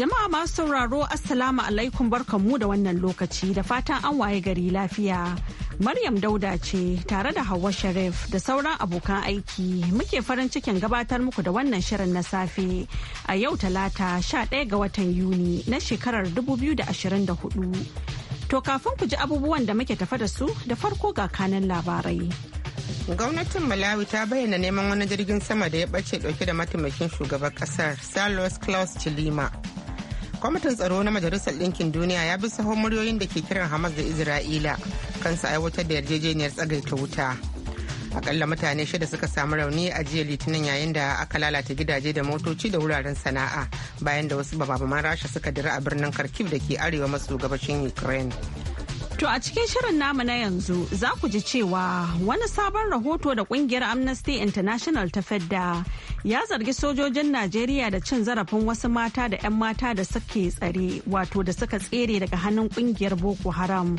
Jama'a masu sauraro Assalamu alaikum barkanmu da wannan lokaci da fatan an waye gari lafiya. Maryam Dauda ce tare da Hauwa Sharif da sauran abokan aiki muke farin cikin gabatar muku da wannan shirin na safe a yau talata 11 ga watan Yuni na shekarar 2024. To kafin ku ji abubuwan da muke tafa da su da farko ga kanan labarai. gwamnatin malawi ta bayyana neman wani jirgin sama da ya bace ɗauke da mataimakin shugaban ƙasar carlos claus chilima kwamitin tsaro na majalisar ɗinkin duniya ya bi sahon muryoyin da ke kiran hamas da isra'ila kan kansa aiwatar da yarjejeniyar tsagaita wuta akalla mutane shida suka samu rauni a jiya litinin yayin da aka lalata gidaje da motoci da wuraren sana'a bayan da wasu bababaman rasha suka dira a birnin kharkiv da ke arewa maso gabashin ukraine To a cikin shirin namu na yanzu za ku ji cewa wani sabon rahoto da kungiyar Amnesty International ta fadda ya zargi sojojin Najeriya da cin zarafin wasu mata da 'yan mata da suke tsare wato da suka tsere daga hannun kungiyar Boko Haram.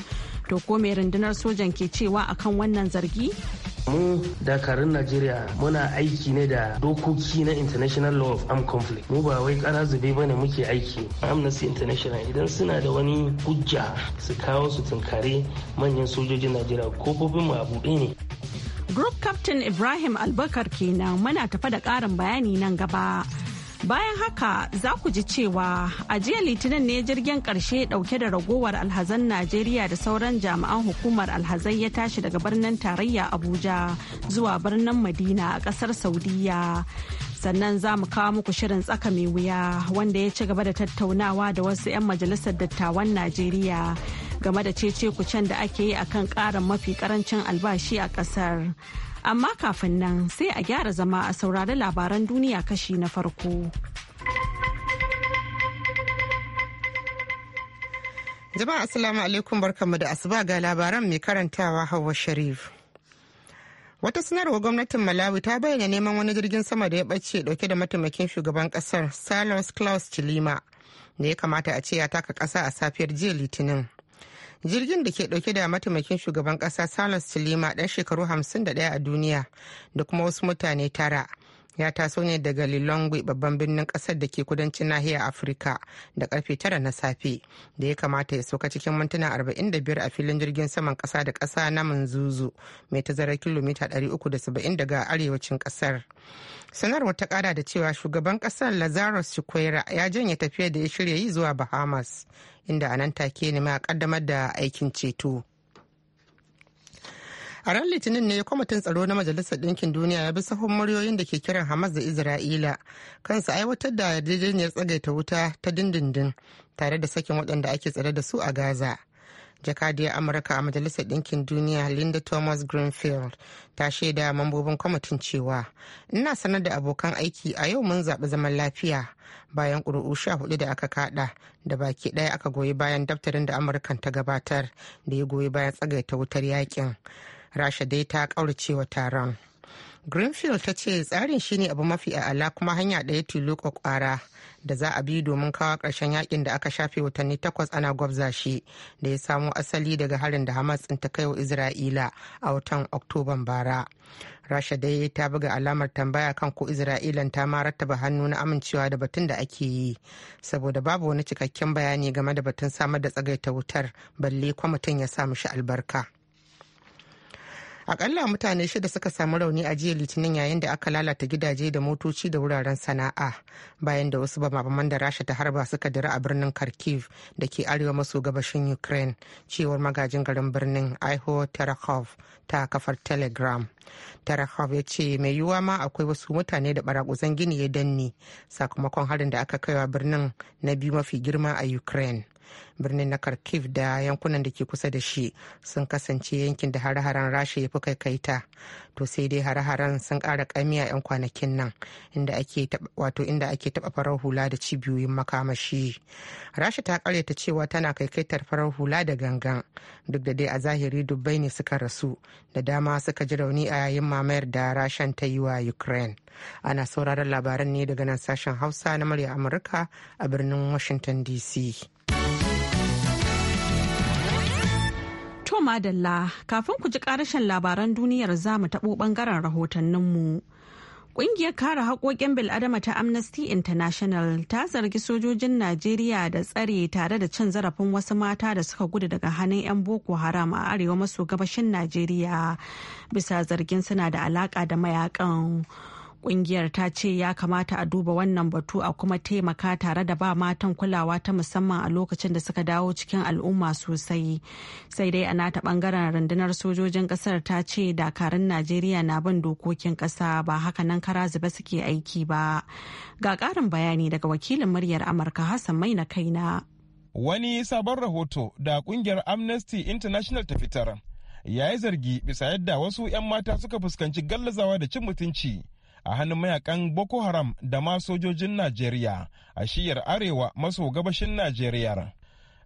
To ko mai rundunar sojan ke cewa akan wannan zargi? mu dakarun najeriya muna aiki ne da dokoki na international law of armed conflict mu ba wai kara zube ba ne muke aiki amnesty international idan suna da wani hujja su kawo su tunkare manyan sojojin najeriya kofofin mu a buɗe ne group captain ibrahim albakar kenan muna tafa da ƙarin bayani nan gaba Bayan haka za ku ji cewa a jiya litinin ne jirgin ƙarshe ɗauke da ragowar alhazan Najeriya da sauran jami'an hukumar alhazai ya tashi daga birnin tarayya Abuja zuwa birnin Madina a ƙasar Saudiya. Sannan za mu kawo muku shirin tsaka mai wuya wanda ya ci gaba da tattaunawa da wasu 'yan majalisar dattawan Najeriya game da cece kucen da ake yi akan ƙarin mafi ƙarancin albashi a ƙasar. Amma kafin nan sai a gyara zama a saurari labaran duniya kashi na farko. Jama'a Assalamu alaikum barkamu da asuba ga labaran mai karantawa Hauwa Sharif. Wata sanarwa gwamnatin Malawi ta bayyana neman wani jirgin sama da ya ɓace dauke da mataimakin shugaban ƙasar Salos Klaus Chilima da ya kamata a ce ya taka ƙasa a safiyar jiya Litinin. jirgin da ke dauke da mataimakin shugaban kasa salas silima dan shekaru 51 a duniya da kuma wasu mutane tara ya taso ne daga lilongwe babban birnin kasar da ke kudancin nahiya afirka da karfe tara na safe da ya kamata ya soka cikin mintuna 45 a filin jirgin saman kasa da kasa na manzuzu mai tazarar kilomita 370 daga arewacin kasar sanarwar ta kara da cewa shugaban kasar lazarus chikwera ya janye tafiya da ya shirya yi zuwa bahamas inda a nan take ne ma kaddamar da aikin ceto a ran litinin ne kwamitin tsaro na majalisar ɗinkin duniya ya bi sahun muryoyin da ke kiran hamas da isra'ila kan su aiwatar da yarjejeniyar tsagaita wuta ta dindindin tare da sakin waɗanda ake tsare da su a gaza jakadiya amurka a majalisar ɗinkin duniya linda thomas greenfield ta shaida mambobin kwamitin cewa ina sanar da abokan aiki a yau mun zaɓi zaman lafiya bayan ƙuri'u sha hudu da aka kaɗa da baki ɗaya aka goyi bayan daftarin da amurkan ta gabatar da ya goyi bayan tsagaita wutar yakin rasha dai ta kauracewa taron greenfield ta ce tsarin shine abu mafi a'ala kuma hanya ɗaya tilo kwakwara da za a bi domin kawo ƙarshen yakin da aka shafe watanni takwas ana gwabza shi da ya samo asali daga harin da hamas ta kai wa isra'ila a watan oktoban bara rasha dai ta buga alamar tambaya kan ko isra'ilan ta ma rattaba hannu na amincewa da batun da ake yi saboda babu wani cikakken bayani game da batun samar da tsagaita wutar balle kwamitin ya sa mishi albarka akalla mutane shida suka samu rauni a jiya litinin yayin da aka lalata gidaje da motoci da wuraren sana'a bayan da wasu bababan da rasha ta harba suka dira a birnin kharkiv da ke arewa maso gabashin ukraine cewar magajin garin birnin iho terakov ta kafar telegram terakov ya ce mai yiwuwa ma akwai wasu mutane da barakuzan gini ya danne sakamakon harin da aka kaiwa birnin na biyu mafi girma a ukraine birnin na kharkiv da yankunan da ke kusa da shi sun kasance yankin da hare-haren rasha ya fi kaikaita to sai dai hare-haren sun kara kami a 'yan kwanakin nan inda ake wato inda ake taɓa farar hula da cibiyoyin makamashi rasha ta ta cewa tana kai kaikaitar farar hula da gangan duk da dai a zahiri dubbai ne suka rasu da dama suka ji rauni a yayin mamayar da rashan ta yi wa ukraine ana sauraron labaran ne daga nan sashen hausa na murya amurka a birnin washington dc To madalla kafin ku ji karashin labaran duniyar za mu taɓo ɓangaren rahotanninmu. Ƙungiyar kare haƙoƙin bil'adama ta Amnesty International ta zargi sojojin Najeriya da tsare tare da cin zarafin wasu mata da suka gudu daga hannun 'yan Boko Haram a arewa maso gabashin Najeriya bisa zargin suna da alaƙa da mayakan. Kungiyar ta ce ya kamata a duba wannan batu a kuma taimaka tare da ba matan kulawa ta musamman a lokacin da suka dawo cikin al'umma sosai. Sai dai a nata bangaren rundunar sojojin kasar ta ce dakarun Najeriya na bin dokokin kasa ba haka nan kara zuba suke aiki ba. Ga karin bayani daga wakilin muryar Amurka Hassan Mai na kaina. Wani sabon rahoto da kungiyar Amnesty International ta fitar ya yi zargi bisa yadda wasu 'yan mata suka fuskanci gallazawa da cin mutunci a hannun mayakan Boko Haram da ma sojojin Najeriya a shiyar arewa maso gabashin Najeriya.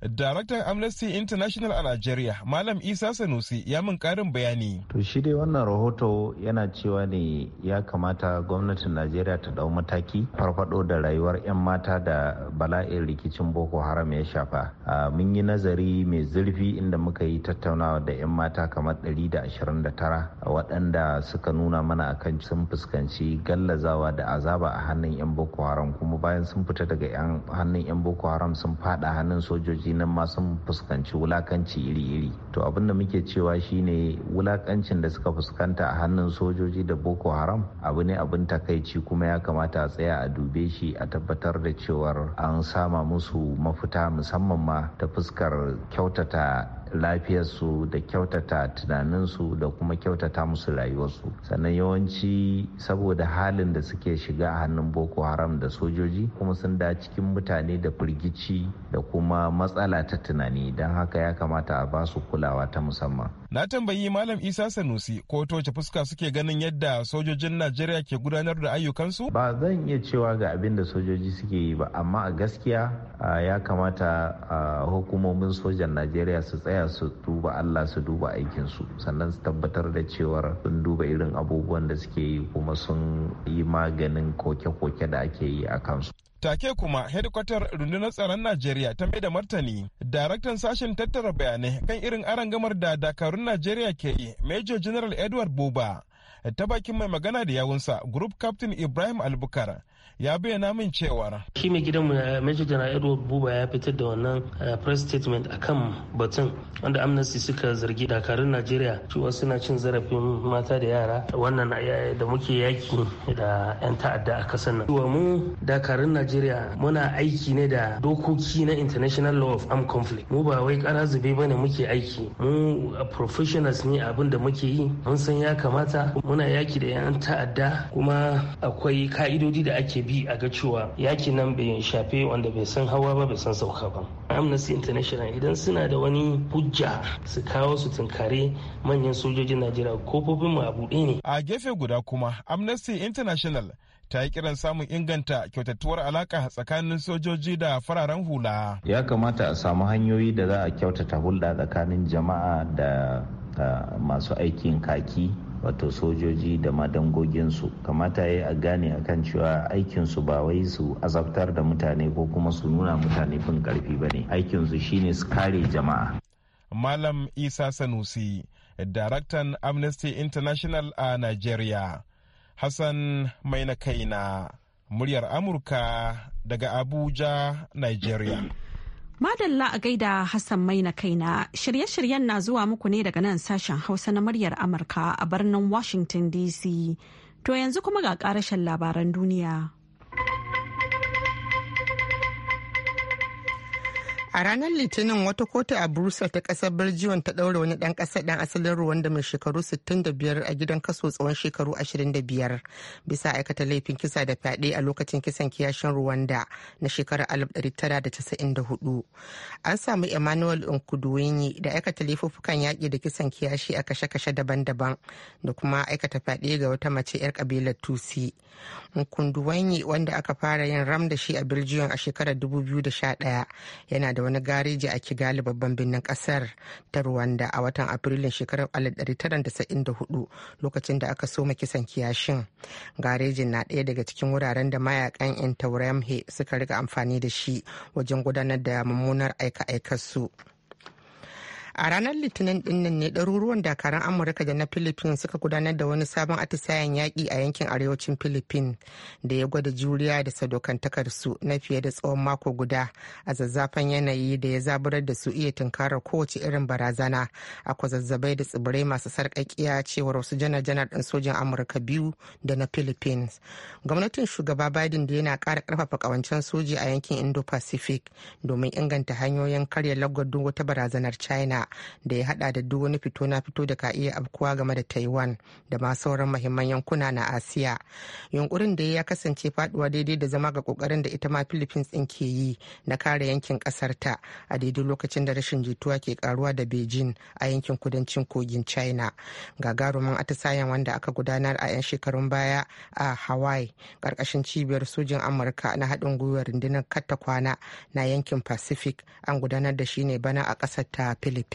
Daraktan Amnesty International a Najeriya, Malam Isa Sanusi ya min karin bayani. To shi dai wannan rahoto yana cewa ne ya kamata gwamnatin Najeriya ta dau mataki farfado da rayuwar 'yan mata da bala'in rikicin Boko Haram ya shafa. Mun yi nazari mai zurfi inda muka yi tattaunawa da 'yan mata kamar 129 waɗanda suka nuna mana akan sun fuskanci gallazawa da azaba a hannun 'yan Boko Haram kuma bayan sun fita daga hannun 'yan Boko Haram sun faɗa hannun sojoji nan ma sun fuskanci wulakanci iri-iri to abinda muke cewa shine wulakancin da suka fuskanta a hannun sojoji da boko haram abu ne abin takaici kuma ya kamata a tsaya a dube shi a tabbatar da cewar an sama musu mafuta musamman ma ta fuskar kyautata lafiyarsu da kyautata tunaninsu da kuma kyautata musu rayuwarsu sannan yawanci saboda halin da suke shiga a hannun boko haram da sojoji kuma sun da cikin mutane da firgici da kuma matsala ta tunani don haka ya kamata a ba su kulawa ta musamman na tambayi malam isa sanusi ko ce fuska suke ganin yadda sojojin najeriya ke gudanar da ayyukansu ba zan iya cewa ga abin da sojoji suke yi ba amma a gaskiya ya kamata hukumomin sojan najeriya su tsaya tsaya su duba Allah su duba aikinsu sannan su tabbatar da cewar sun duba irin abubuwan da suke yi kuma sun yi maganin koke-koke da ake yi a kansu. Take kuma hedikwatar rundunar tsaron Najeriya ta mai da martani, daraktan sashen tattara bayanai kan irin arangamar da dakarun Najeriya ke yi, Major General Edward Buba, ta bakin mai magana da yawunsa, Group Captain Ibrahim Albukar, ya bayyana min cewa Shi mai gidan eh, Major General Edward Buba ya fitar da wannan eh, press statement akan batun wanda Amnesty suka zargi dakarun Najeriya cewa suna cin zarafin mata da yara wannan eh, da muke yaki da 'yan ta'adda a kasar nan. Cewa mu dakarun Najeriya muna aiki ne da dokoki na International Law of Armed Conflict. Mu ba wai kara zube ba ne muke aiki. Mu professionals ne abin da muke yi. Mun san ya kamata muna yaki da 'yan ta'adda kuma akwai ka'idodi da ake ake bi a ga cewa yaki nan bai shafe wanda bai san hawa ba bai san sauka ba amnesty international idan suna da wani hujja su kawo su tunkare manyan sojojin najeriya kofofin mu a buɗe ne a gefe guda kuma amnesty international ta yi kiran samun inganta kyautattuwar alaka tsakanin sojoji da fararen hula ya kamata a samu hanyoyi da za a kyautata hulɗa tsakanin jama'a da masu aikin kaki wato sojoji da madangoginsu kamata ya yi a gane a kan cewa aikinsu ba wai su azabtar da mutane ko kuma su nuna mutane fin karfi ba ne aikinsu shine su kare jama'a malam isa sanusi daraktan amnesty international a nigeria hassan mai na kaina muryar amurka daga abuja nigeria Madalla a gaida Hassan mai Maina kaina shirye-shiryen na zuwa muku ne daga nan sashen Hausa na muryar Amurka a birnin Washington DC. To yanzu kuma ga karashen labaran duniya. A ranar Litinin wata kotu a Brussels ta kasar Belgium ta ɗaure wani ɗan ƙasa ɗan asalin Rwanda mai shekaru 65 a gidan kaso tsawon shekaru 25 bisa aikata laifin kisa da fyaɗe a lokacin kisan kiyashin Rwanda na shekarar 1994. An samu Emmanuel Nkuduwenyi da aikata laifuffukan yaƙi da kisan kiyashi a kashe-kashe daban-daban da kuma aikata fyaɗe ga wata mace 'yar kabilar Tusi. Nkuduwenyi wanda aka fara yin ram da shi a Belgium a shekarar 2011 yana da wani gareji a kigali babban birnin kasar ta rwanda a watan afrilun shekarar 1994 lokacin da aka soma kisan kiyashin garejin na ɗaya daga cikin wuraren da mayakan yan suka riga amfani da shi wajen gudanar da mummunar aika-aikarsu. su a ranar litinin dinnan ne ɗaruruwan dakaran amurka da na philippines suka gudanar da wani sabon atisayen yaƙi a yankin arewacin philippines da ya gwada juriya da sadokantakarsu na fiye da tsawon mako guda a zazzafan yanayi da ya zaburar da su iya tunkarar kowace irin barazana a kwazazzabai da tsibirai masu sarkakiya cewar wasu janar-janar ɗin sojin amurka biyu da na philippines gwamnatin shugaba biden da yana ƙara ƙarfafa ƙawancen soji a yankin indo-pacific domin inganta hanyoyin karya lagwadon wata barazanar china da ya hada da duk wani fito na fito da ka iya afkuwa game da taiwan da ma sauran mahimman yankuna na asiya yunkurin da ya kasance faduwa daidai da zama ga kokarin da ita ma philippines din ke yi na kare yankin kasar ta a daidai lokacin da rashin jituwa ke karuwa da beijing a yankin kudancin kogin china gagarumin atisayen wanda aka gudanar a 'yan shekarun baya a hawaii karkashin cibiyar sojin amurka na haɗin gwiwar rundunar katta kwana na yankin pacific an gudanar da shi ne bana a ƙasar ta philippines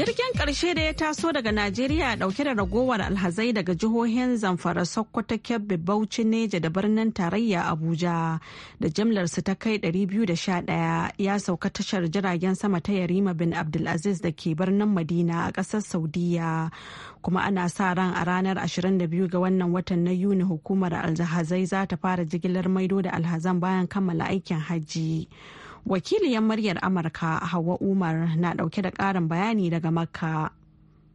Jirgin ƙarshe da ya taso daga Najeriya ɗauke da ragowar alhazai daga jihohin Zamfara, Sokoto, Kebbi, Bauchi, Neja da birnin tarayya Abuja da jimlarsu ta kai 211 ya sauka tashar jiragen sama ta Yarima bin Abdulaziz da ke birnin Madina a ƙasar Saudiya. Kuma ana sa ran a ranar 22 ga wannan watan na Yuni hukumar alhazai za ta fara jigilar maido da alhazan bayan kammala aikin hajji. wakiliyar muryar amurka hawa umar na dauke da karin bayani daga makka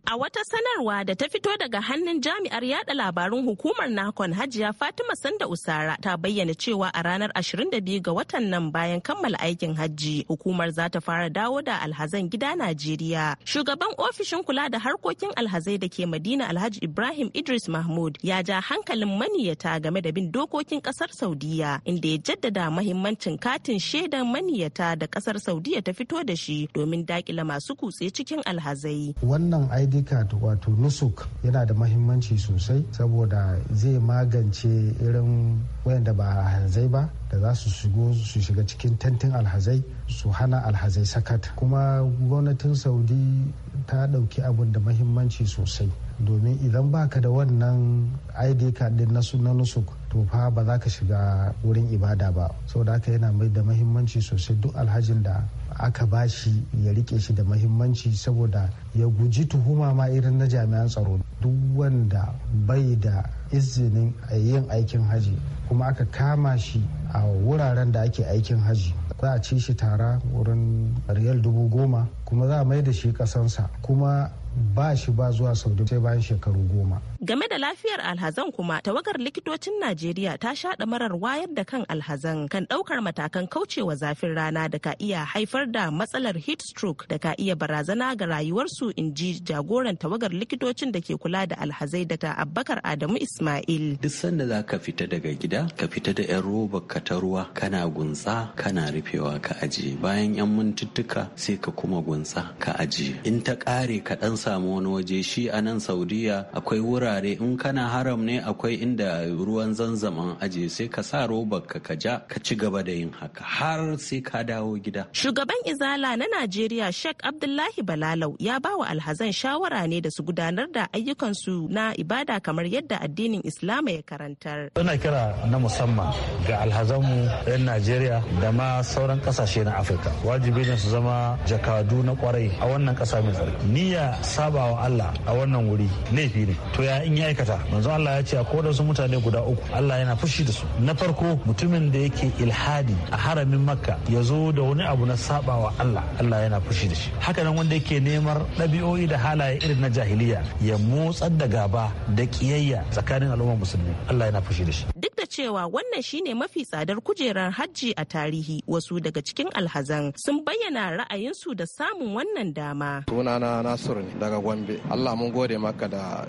A wata sanarwa da ta fito daga hannun jami'ar yada labarun hukumar Nakon Hajiya Fatima Sanda Usara ta bayyana cewa a ranar 22 ga watan nan bayan kammala aikin hajji hukumar za ta fara dawo da alhazan gida Najeriya. Shugaban ofishin kula da harkokin alhazai da ke Madina Alhaji Ibrahim Idris Mahmud ya ja hankalin maniyata game da bin dokokin kasar Saudiya inda ya jaddada mahimmancin katin shaidan maniyata da kasar Saudiya ta fito da shi domin dakila masu kutse cikin alhazai. Wannan diddiga wato nusuk yana da mahimmanci sosai saboda zai magance irin wayanda ba hanzai ba da za su shigo su shiga cikin tantin alhazai su hana alhazai sakat kuma gwamnatin saudi ta ɗauki abun da mahimmanci sosai domin idan baka da wannan id card din na nusuk to fa ba za ka shiga wurin ibada ba saboda haka yana mai da mahimmanci sosai duk alhajin da aka ba shi ya rike shi da mahimmanci saboda ya guji tuhuma ma irin na jami'an tsaro duk wanda bai da izinin yin aikin haji kuma aka kama shi a wuraren da ake aikin haji za a ci shi tara wurin riyal dubu goma kuma za a mai da shi kasansa kuma ba shi ba zuwa saudi sai bayan shekaru goma Game da lafiyar alhazan kuma tawagar likitocin Najeriya ta shaɗa marar wayar da kan alhazan kan ɗaukar matakan kaucewa zafin rana da ka iya haifar da matsalar heat stroke da ka iya barazana ga rayuwarsu in ji jagoran tawagar likitocin da ke kula da alhazai da ta Abbakar Adamu Ismail. Duk sanda za ka fita daga gida ka fita da 'yan roba ka ta ruwa kana gunsa kana rufewa ka ajiye bayan 'yan mintuttuka sai ka kuma gunsa ka ajiye in ta ƙare ka ɗan samu wani waje shi a nan Saudiya akwai wurin wurare in kana haram ne akwai inda ruwan zanzaman aje sai ka sa robar ka ka ja ka ci gaba da yin haka har sai ka dawo gida. Shugaban Izala na Najeriya Sheikh Abdullahi Balalau ya ba wa alhazan shawara ne da su gudanar da ayyukansu na ibada kamar yadda addinin Islama ya karantar. Ina kira na musamman ga alhazanmu 'yan Najeriya da ma sauran kasashe na Afirka. Wajibi ne su zama jakadu na kwarai a wannan kasa mai tsarki. Niyya sabawa Allah a wannan wuri laifi ne. To ya in ya aikata manzo Allah ya ce ko da su mutane guda uku Allah yana fushi da su na farko mutumin da yake ilhadi a haramin makka ya zo da wani abu na sabawa Allah Allah yana fushi da shi haka nan wanda yake neman ɗabi'o'i da halaye irin na jahiliya ya motsar da gaba da kiyayya tsakanin al'ummar musulmi Allah yana fushi da shi duk da cewa wannan shine mafi tsadar kujerar hajji a tarihi wasu daga cikin alhazan sun bayyana ra'ayinsu da samun wannan dama sunana nasiru ne daga gombe Allah mun gode maka da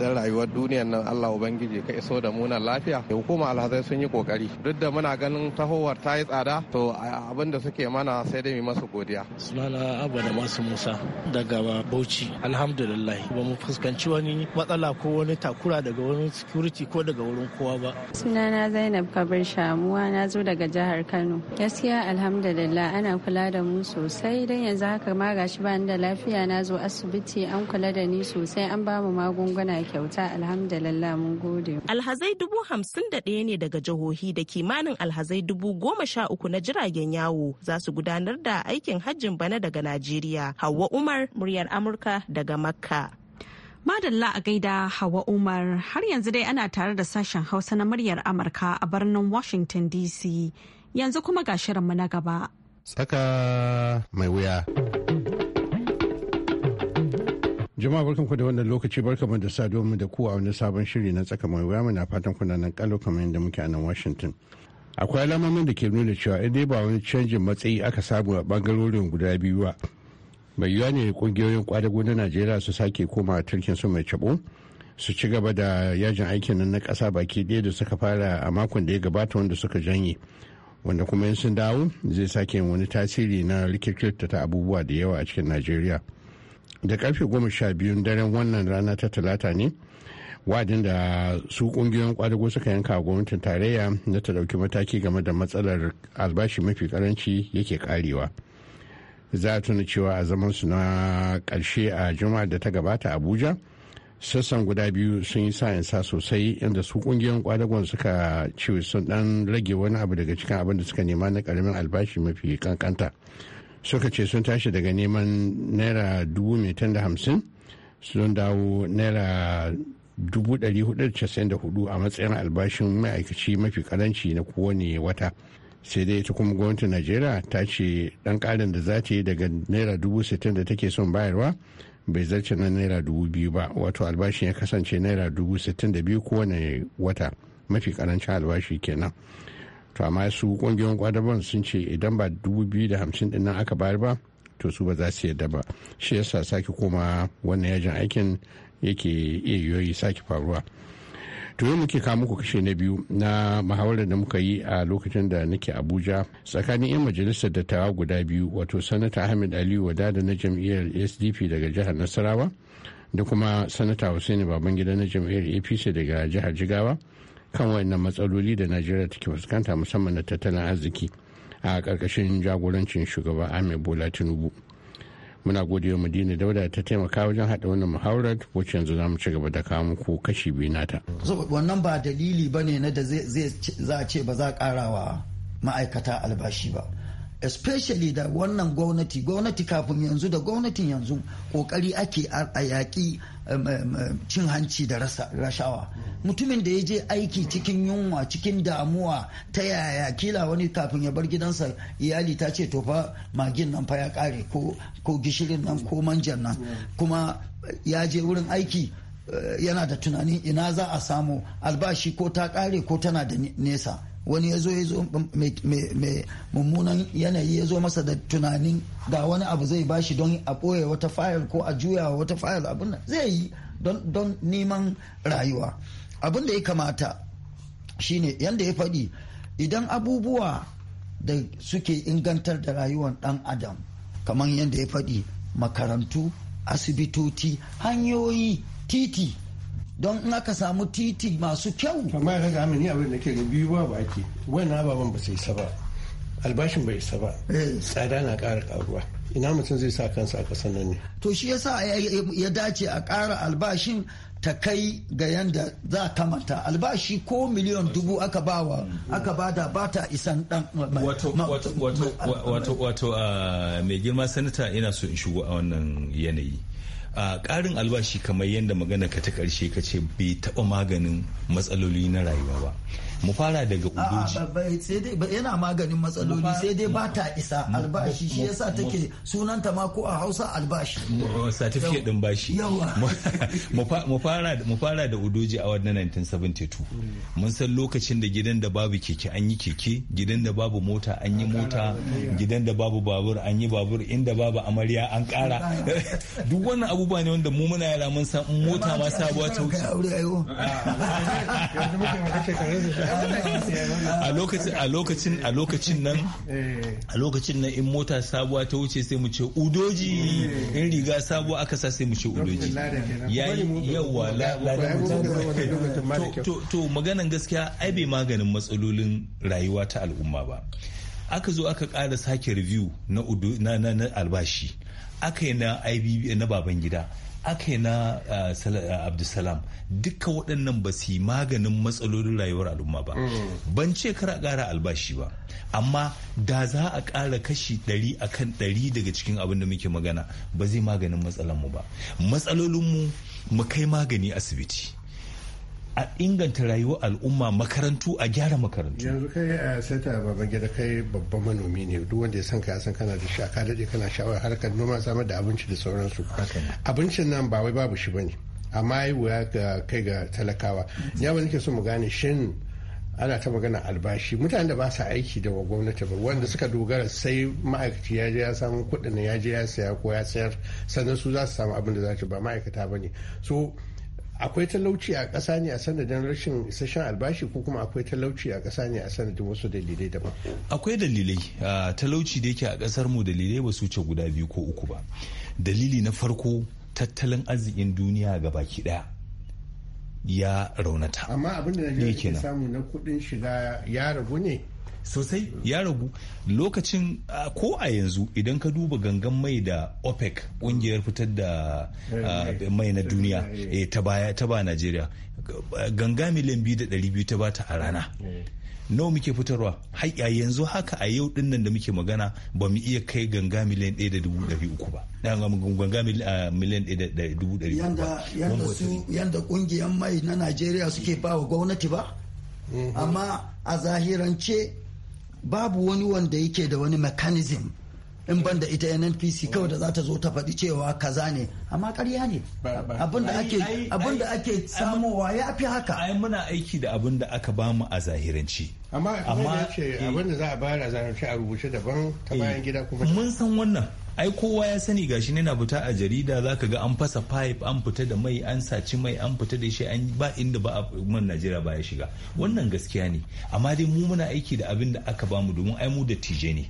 tsadar rayuwar duniyar nan Allah ubangiji ka iso da mu lafiya hukuma alhazai sun yi kokari duk da muna ganin tahowar ta yi tsada to abin da suke mana sai dai mu masu godiya sunana abba da masu musa daga bauchi alhamdulillah ba mu fuskanci wani matsala ko wani takura daga wani security ko daga wurin kowa ba sunana zainab kabir shamuwa na zo daga jihar kano gaskiya alhamdulillah ana kula da mu sosai dan yanzu haka ma gashi ba da lafiya na zo asibiti an kula da ni sosai an ba mu magunguna kyauta alhamdulillah mun gode. Alhazai dubu hamsin da ɗaya ne daga jihohi da kimanin alhazai dubu goma sha uku na jiragen yawo za su gudanar da aikin hajjin bana daga Najeriya. Hauwa Umar muryar Amurka daga Makka. Madalla a gaida Hawa Umar har yanzu dai ana tare da sashen Hausa na muryar Amurka a birnin Washington DC yanzu kuma ga shirinmu na gaba. Saka mai wuya. Jama'a ku da wannan lokaci barkamu da saduwa mu da ku a wani sabon shiri na tsaka mai wuya muna fatan kuna nan kallo kamar yadda muke a nan Washington. Akwai alamomin da ke nuna cewa dai ba wani canjin matsayi aka samu a bangarorin guda biyu ba. Mai yiwuwa ne kungiyoyin kwadago na Najeriya su sake koma a turkin su mai cabo su ci gaba da yajin aikin nan na kasa baki ɗaya da suka fara a makon da ya gabata wanda suka janye. wanda kuma yin sun dawo zai sake wani tasiri na rikirkirta ta abubuwa da yawa a cikin najeriya da karfe goma sha biyu daren wannan rana ta talata ne wadin da su kungiyoyin kwadago suka yanka a gwamnatin tarayya na ta dauki mataki game da matsalar albashi mafi karanci yake karewa za a tuna cewa a zaman su na karshe a jumaar da ta gabata abuja sassan guda biyu sun yi sa sosai inda su kungiyoyin kwadagon suka ce sun dan rage wani abu daga cikin abin da suka nema na karamin albashi mafi kankanta suka ce sun tashi daga neman naira dubu mai da hamsin sun dawo naira dubu ɗari hudu casa'in da hudu a matsayin albashin ma'aikaci mafi karanci na kowane wata sai dai ita kuma gwamnatin najeriya ta ce ɗan ƙarin da za ta yi daga naira dubu sittin da take son bayarwa bai zarce na naira dubu biyu ba wato albashin ya kasance naira dubu sittin da biyu kowane wata mafi karancin albashi kenan to amma su kungiyoyin kwadaban sun ce idan ba dubu biyu da hamsin din nan aka bayar ba to su ba za su yadda ba shi yasa sake koma wannan yajin aikin yake iya yiwuwa sake faruwa to yau muke kawo muku kashe na biyu na muhawarar da muka yi a lokacin da nake abuja tsakanin 'yan majalisar dattawa guda biyu wato sanata ahmed aliyu da na jam'iyyar sdp daga jihar nasarawa da kuma sanata hussaini babangida na jam'iyyar apc daga jihar jigawa kan wannan matsaloli da najeriya take fuskanta musamman na tattalin arziki a karkashin jagorancin shugaba ahmed bola tinubu muna gode wa madina dauda ta taimaka wajen haɗa wannan muhawarar wacce yanzu za mu ci gaba da kawo muku kashi biyu nata. wannan ba dalili ba ne na da za a ce ba za a wa ma'aikata albashi ba especially da wannan gwamnati gwamnati kafin yanzu da gwamnatin yanzu kokari ake a yaƙi cin hanci da rashawa mutumin da ya je aiki cikin yunwa cikin damuwa ta yaya kila wani kafin ya bar gidansa iyali ta ce to fa magin nan fa ya kare ko gishirin nan ko manjan nan kuma ya je wurin aiki eh, yana da tunanin ina za a samu albashi ko ta kare ko tana da nesa wani ya zo mai mummunan yanayi ya zo masa da tunanin ga wani abu zai bashi don a ɓoye wata fayil ko a juya wata fayil abin zai yi don neman rayuwa abin da ya kamata shine yadda ya faɗi idan abubuwa da suke ingantar da rayuwar ɗan adam kamar yadda ya faɗi makarantu asibitoti, hanyoyi titi don in aka samu titi masu kyau amma ya ga amini abin da ke da biyu ba ake Wani ababen ba sai isa ba albashin bai saba ba eh. tsada na ƙara karuwa. ina mutum zai sa kansa a ƙasar nan ne to shi yasa ya dace a ƙara albashin ta kai ga yanda za ta mata albashi ko miliyan dubu aka bawa aka bada ba ta isan dan wato wato wato mai girma sanata ina so in shigo a wannan yanayi ƙarin albashi kamar yadda magana ka ta ƙarshe ka ce bai taɓa maganin matsaloli na rayuwa ba mu fara daga udoji yana maganin matsaloli sai dai ba ta isa albashi shi yasa take sunanta ma ko a hausa albashi certificate din bashi mu fara da udoji a wannan 1972 mun san lokacin da gidan da babu keke an yi keke gidan da babu mota an yi mota gidan da babu babur an yi babur inda babu amarya an kara duk wannan abubuwa ne wanda mu muna yara mun san mota ma sabuwa ta wuce a lokacin a lokacin nan a lokacin nan in mota sabuwa ta wuce sai mu ce udoji in riga sabuwa aka sa sai mu ce udoji yayi yawa to maganan gaskiya ai bai maganin matsalolin rayuwa ta al'umma ba aka zo aka ƙara sake review na albashi aka yi na ibb na baban gida aka yi na uh, uh, abdulsalam duka waɗannan ba su yi maganin matsalolin rayuwar al'umma ba mm. ban ce kar a ƙara albashi ba amma da za a ƙara kashi ɗari a kan ɗari daga cikin abin da muke magana ba zai maganin matsalanmu ba matsalolinmu mu kai magani asibiti a inganta rayuwar al'umma makarantu a gyara makarantu yanzu kai a eh, sata baban gida kai babban manomi ne duk wanda ya san ka san kana da shaka dade kana sha'awar harkar noma samar da abinci da sauransu abincin nan ba wai babu shi bane amma yi wuya ga kai ga talakawa ya nake so mu gane shin ana ta magana albashi mutane da ba su aiki da wa gwamnati ba wanda suka dogara sai ma'aikaci ya je ya samu kuɗin ya je ya saya ko ya sayar sannan su za su samu abin da za su ba ma'aikata ba ne so akwai talauci a ƙasa ne a sanadin rashin isasshen albashi ko kuma akwai talauci a ƙasa ne a sanadin wasu dalilai daban akwai dalilai ah, talauci da yake a ƙasar mu dalilai ba su wuce guda biyu ko uku ba dalili na farko tattalin arzikin duniya ga baki daya ya raunata amma abin da na samu na kuɗin shiga ya ragu ne sosai ya ragu lokacin ko a yanzu idan ka duba gangan mai da opec kungiyar fitar da mai na duniya eh, ta baya ta ba najeriya ganga miliyan biyu da ɗari biyu ta bata a rana nawa muke fitarwa har yanzu haka a yau din nan da muke magana ba mu iya kai ganga miliyan ɗaya da dubu ɗari uku ba ganga miliyan ɗaya da dubu ɗari uku ba yanda kungiyar mai na najeriya suke ba wa gwamnati ba mm-hmm. amma a zahirance babu wani wanda yake da wani mechanism in ban da ita nnpc kawai da za ta zo ta faɗi cewa kaza ne amma karya ne abin da ake samowa ya fi haka ai muna aiki da abin da aka bamu a zahiranci amma eh. abin da za a bayar a zahiranci a rubuce daban ta eh. bayan gida kuma mun san wannan ai kowa ya sani gashi ne na fita a jarida zaka ga an fasa pipe an fita da mai an saci mai an fita da shi an ba inda ba man Najeriya ba ya shiga wannan gaskiya ne amma dai mu muna aiki da abin da aka bamu domin ai mu da tije ne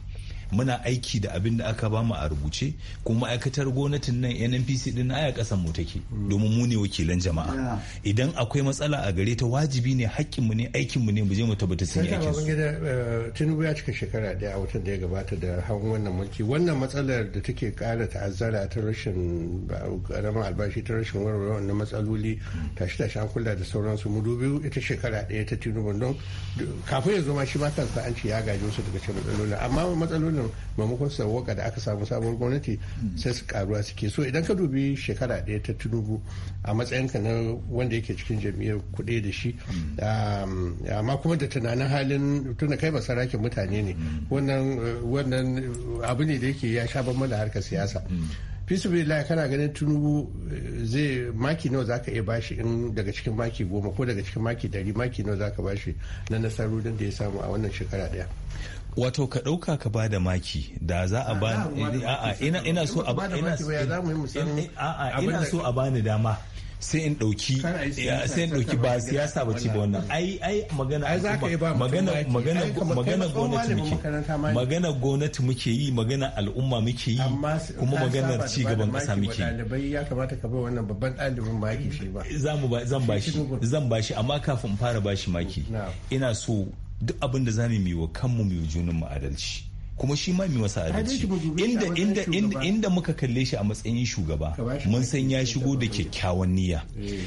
muna aiki da abin da aka bamu a rubuce kuma ma'aikatar gwamnatin nan nnpc din aya kasan mu take domin mu ne wakilan jama'a idan akwai matsala a gare ta wajibi ne hakkin mu ne aikin mu ne mu je mu tabbata sun yi aikin su eh, tinubu ya cika shekara daya a watan da ya gabata da hawan wannan mulki wannan matsalar da take kara ta'azzara ta rashin karamin albashi ta rashin warware wannan matsaloli tashi tashi an kula da sauransu mu dubi ita shekara daya ta tinubu don kafin ya zo ma shi ma kansa an ce ya gaji wasu daga cikin matsalolin amma matsalolin wannan maimakon sawwaka da aka samu sabon gwamnati sai su karuwa suke so idan ka dubi shekara ɗaya ta tunubu a matsayinka na wanda yake cikin jam'iyyar kuɗi da shi amma kuma da tunanin halin tuna kai masarakin mutane ne wannan abu ne da yake ya sha bambam da harkar siyasa fisibilai kana ganin tunubu eh, zai maki nawa za ka iya bashi in daga cikin maki goma ko daga cikin maki dari maki nawa za ka bashi na nasarorin da ya samu a wannan shekara daya wato ka ɗauka ka ba da maki da za a ba eh, ina so a bani dama sai in dauki sai in dauki ba siyasa ba ce ba wannan ai ai magana magana magana magana gwamnati muke magana gwamnati muke yi magana al'umma muke yi kuma magana ci gaban kasa muke yi ya kamata ka bai wannan babban ɗalibin maki shi ba zan ba zan bashi zan bashi amma kafin fara bashi maki ina so duk abin da zamu yi wa kanmu mu yi junun mu adalci kuma shi ma mai masa adalci inda inda inda muka kalle shi a matsayin shugaba eh. mun san ya shigo da kyakkyawan niyya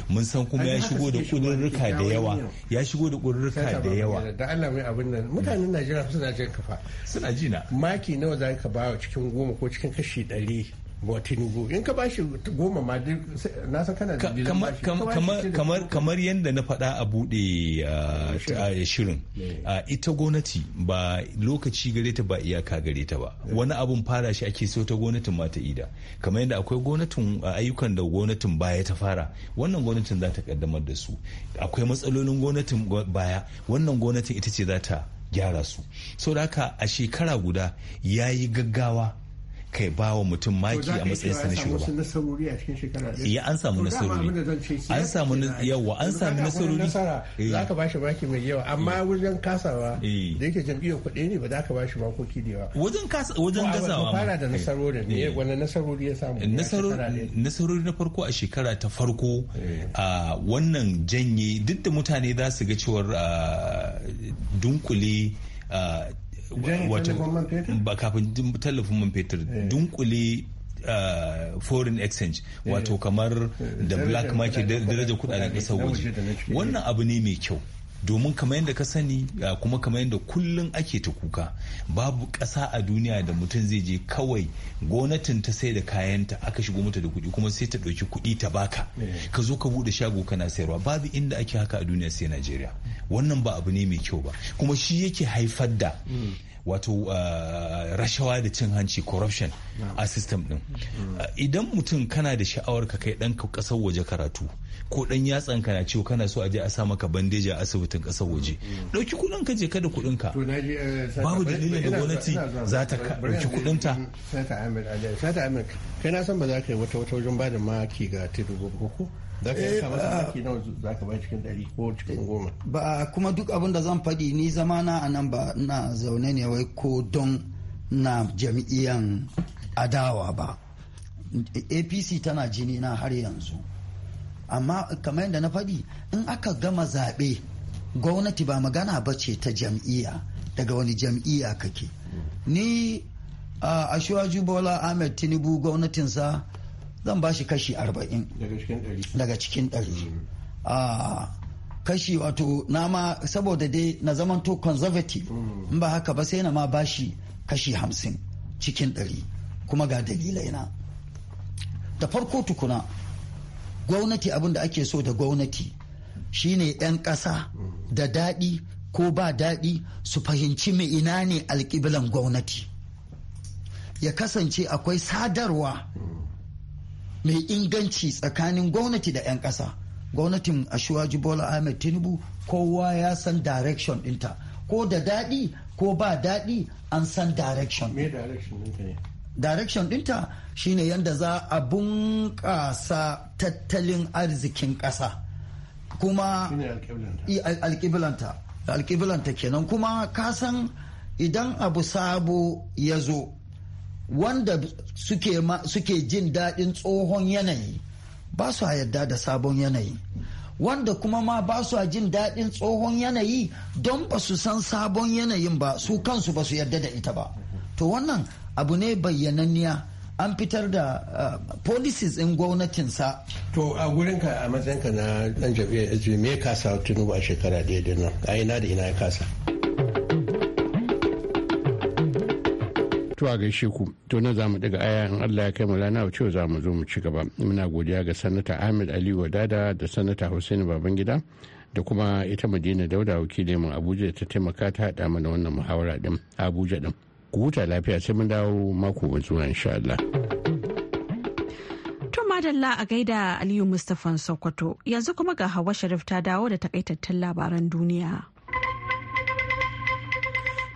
mun san kuma ya shigo da kudurruka da yawa ya shigo da kudurruka da yawa da Allah mai abin nan mutanen Najeriya suna jin kafa suna jina maki nawa za ka ba cikin goma ko cikin kashi ɗari wa tinubu in ka bashi goma ma na san kana da kamar kamar yadda na faɗa a buɗe uh, shirin uh, ita gwamnati ba lokaci gare ta ba iyaka gare ta ba wani abun fara shi ake so ta gwamnatin ma ida kamar yadda akwai gwamnatin uh, ayyukan da gwamnatin baya ta fara wannan gwamnatin za ta kaddamar da su akwai matsalolin gwamnatin baya wannan gwamnatin ita ce za ta gyara su sau da haka a shekara guda ya yi gaggawa kai ba wa mutum maki a matsayin sa na shugaba ya an samu nasarori an samu yawa an samu nasarori eh. za ka bashi maki mai yawa amma eh. wajen kasawa eh. da yake jam'iyyar kuɗi ne ba za ka bashi makoki da yawa wajen kasa wajen gazawa fara da nasarori ne wani nasarori ya samu nasarori na farko a shekara ta farko a wannan janye duk da mutane za su ga cewar dunkule ba kafin tallafin man fetur eh. dunkule ah, foreign exchange eh. wato kamar eh, da black market daraja kudaden kasar waje wannan abu ne mai kyau domin kamar yadda ka sani ah, kuma kamar yadda kullum ake ta kuka babu ƙasa a duniya da mutum zai je kawai gonatin ta sai da kayanta aka shigo mata da kuɗi kuma sai ta ɗauki kuɗi ta baka eh. ka zo ka buɗe shago kana sayarwa babu inda ake haka a duniya sai najeriya wannan ba abu ne mai kyau ba kuma shi yake haifar da hmm. wato ah, rashawa da cin hanci corruption a system din hmm. ah, idan mutum kana da sha'awar ka kai ɗan kasar waje karatu ko ɗan yatsan kana ciwo kana so a je a sa maka bandeji a asibiti gwamnatin kasar waje dauki mm-hmm. kudin ka je kada kudin ka babu dalilin da gwamnati za ta dauki kudin ta sata amir kai na san ba za ka yi wata wata wajen bada maki ga tudu ba ko za ka yi eh, za ka bai cikin dari ko cikin eh, goma ba kuma duk abin da zan faɗi ni zama na a nan ba na zaune ne wai ko don na jam'iyyan adawa ba apc tana jini na har yanzu amma kamar yadda na faɗi in aka gama zaɓe gwamnati ba magana ba ce ta jam'iyya daga wani jam'iyya kake ni a ashiwaju bola ahmed tinubu gwamnatinsa zan ba shi kashi arba'in daga cikin ɗari mm. kashi wato nama saboda dai na zaman to conservative mm. in ba haka ba sai na ma ba shi kashi hamsin cikin ɗari kuma ga dalilai na da farko tukuna gwamnati abin da ake so da gwamnati shine 'yan ƙasa da daɗi ko ba daɗi su fahimci mai ina ne alƙiblan gwamnati ya kasance akwai sadarwa mai inganci tsakanin gwamnati da 'yan ƙasa gwamnatin ashuwaji bola ahmed tinubu kowa ya san direction ɗinta ko da daɗi ko ba daɗi an san direction direction ɗinta shine yadda za a bunƙasa tattalin arzikin ƙasa kuma alƙiblanta kenan kuma kasan idan abu sabo ya zo wanda suke jin daɗin tsohon yanayi ba su yarda da sabon yanayi wanda kuma ma ba su jin daɗin tsohon yanayi don ba su san sabon yanayin ba su kansu ba su yarda da ita ba to wannan abu ne bayyananniya an fitar da uh, policies in gwamnatinsa. To a gurinka a matsayinka na dan jam'iyyar SB me ya kasa Tinubu a shekara ɗaya da nan a ina da ina ya kasa. mutuwa gaishe ku to na zamu daga aya Allah ya kai mu rana cewa zamu zo mu ci gaba muna godiya ga sanata Ahmed Ali Wadada da sanata Hussein Babangida da kuma ita Madina Dauda wakilin mu Abuja ta taimaka ta hada mana wannan muhawara din Abuja din ku huta lafiya sai mun dawo mako mai zuwa insha Allah. madalla a gaida Aliyu Mustapha Sokoto yanzu kuma ga Hawa Sharif ta dawo da takaitattun labaran duniya.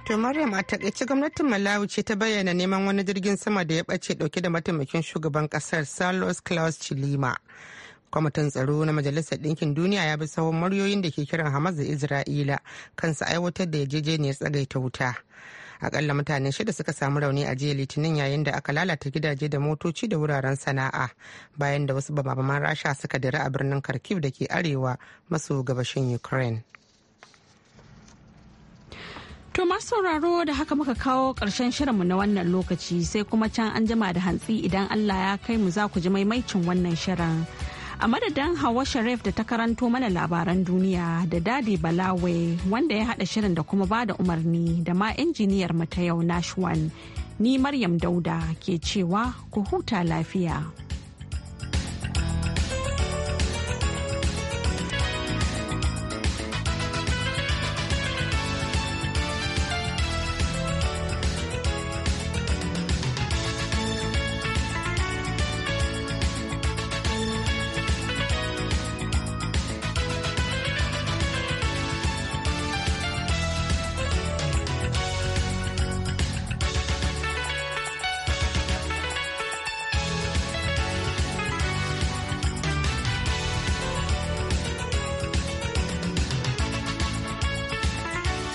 To Maryam a takaice gwamnatin Malawi ce ta bayyana neman wani jirgin sama da ya bace dauke da mataimakin shugaban kasar Carlos Claus Chilima. kwamitin tsaro na majalisar ɗinkin duniya ya bi sahun muryoyin da ke kiran hamas da isra'ila kansa aiwatar da yarjejeniyar tsagaita wuta akalla mutane shida suka samu rauni a jiya litinin yayin da aka lalata gidaje da motoci da wuraren sana'a bayan da wasu bababaman rasha suka dira a birnin kharkiv da ke arewa maso gabashin ukraine To masu sauraro da haka muka kawo ƙarshen shirinmu na wannan lokaci sai kuma can an jima da hantsi idan Allah ya kai mu za ku ji maimaicin wannan shirin. a madadin hawa sharif da ta karanto mana labaran duniya da dadi balawe wanda ya hada shirin da kuma bada umarni da ma injiniyar mu ta yau nashwan ni maryam dauda ke cewa ku huta lafiya